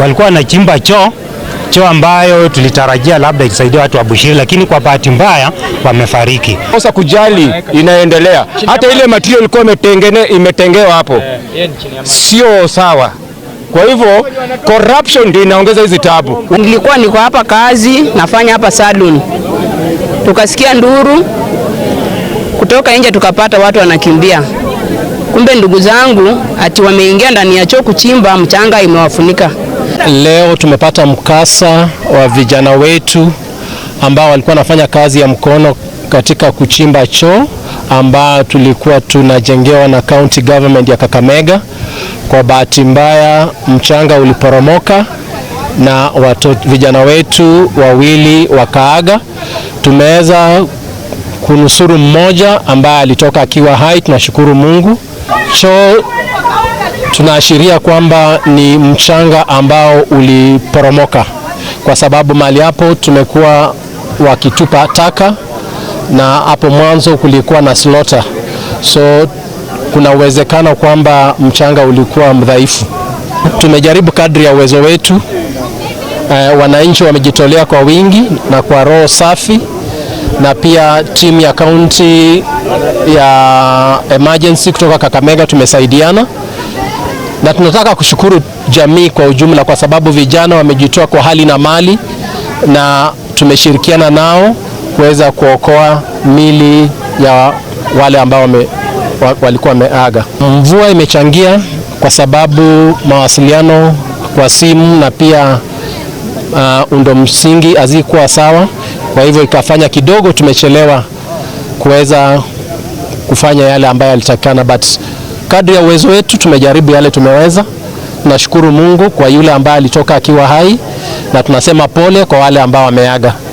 walikuwa wanachimba choo choo ambayo tulitarajia labda ikisaidia watu wa Bushiri, lakini kwa bahati mbaya wamefariki. Kosa kujali inaendelea, hata ile material ilikuwa imetengewa hapo sio sawa. Kwa hivyo corruption ndio inaongeza hizi tabu. Nilikuwa niko hapa kazi nafanya hapa salon, tukasikia nduru kutoka nje, tukapata watu wanakimbia. Kumbe ndugu zangu ati wameingia ndani ya choo kuchimba, mchanga imewafunika. Leo tumepata mkasa wa vijana wetu ambao walikuwa wanafanya kazi ya mkono katika kuchimba choo ambao tulikuwa tunajengewa na county government ya Kakamega. Kwa bahati mbaya, mchanga uliporomoka na watu, vijana wetu wawili wakaaga. Tumeweza kunusuru mmoja ambaye alitoka akiwa hai, tunashukuru Mungu. Choo tunaashiria kwamba ni mchanga ambao uliporomoka, kwa sababu mahali hapo tumekuwa wakitupa taka na hapo mwanzo kulikuwa na slota, so kuna uwezekano kwamba mchanga ulikuwa mdhaifu. Tumejaribu kadri ya uwezo wetu. Uh, wananchi wamejitolea kwa wingi na kwa roho safi, na pia timu ya kaunti ya emergency kutoka Kakamega tumesaidiana na tunataka kushukuru jamii kwa ujumla, kwa sababu vijana wamejitoa kwa hali na mali na tumeshirikiana nao kuweza kuokoa mili ya wale ambao wame, walikuwa wameaga. Mvua imechangia kwa sababu mawasiliano kwa simu na pia uh, undo msingi hazikuwa sawa, kwa hivyo ikafanya kidogo tumechelewa kuweza kufanya yale ambayo yalitakikana but Kadri ya uwezo wetu tumejaribu yale tumeweza. Tunashukuru Mungu kwa yule ambaye alitoka akiwa hai, na tunasema pole kwa wale ambao wameaga.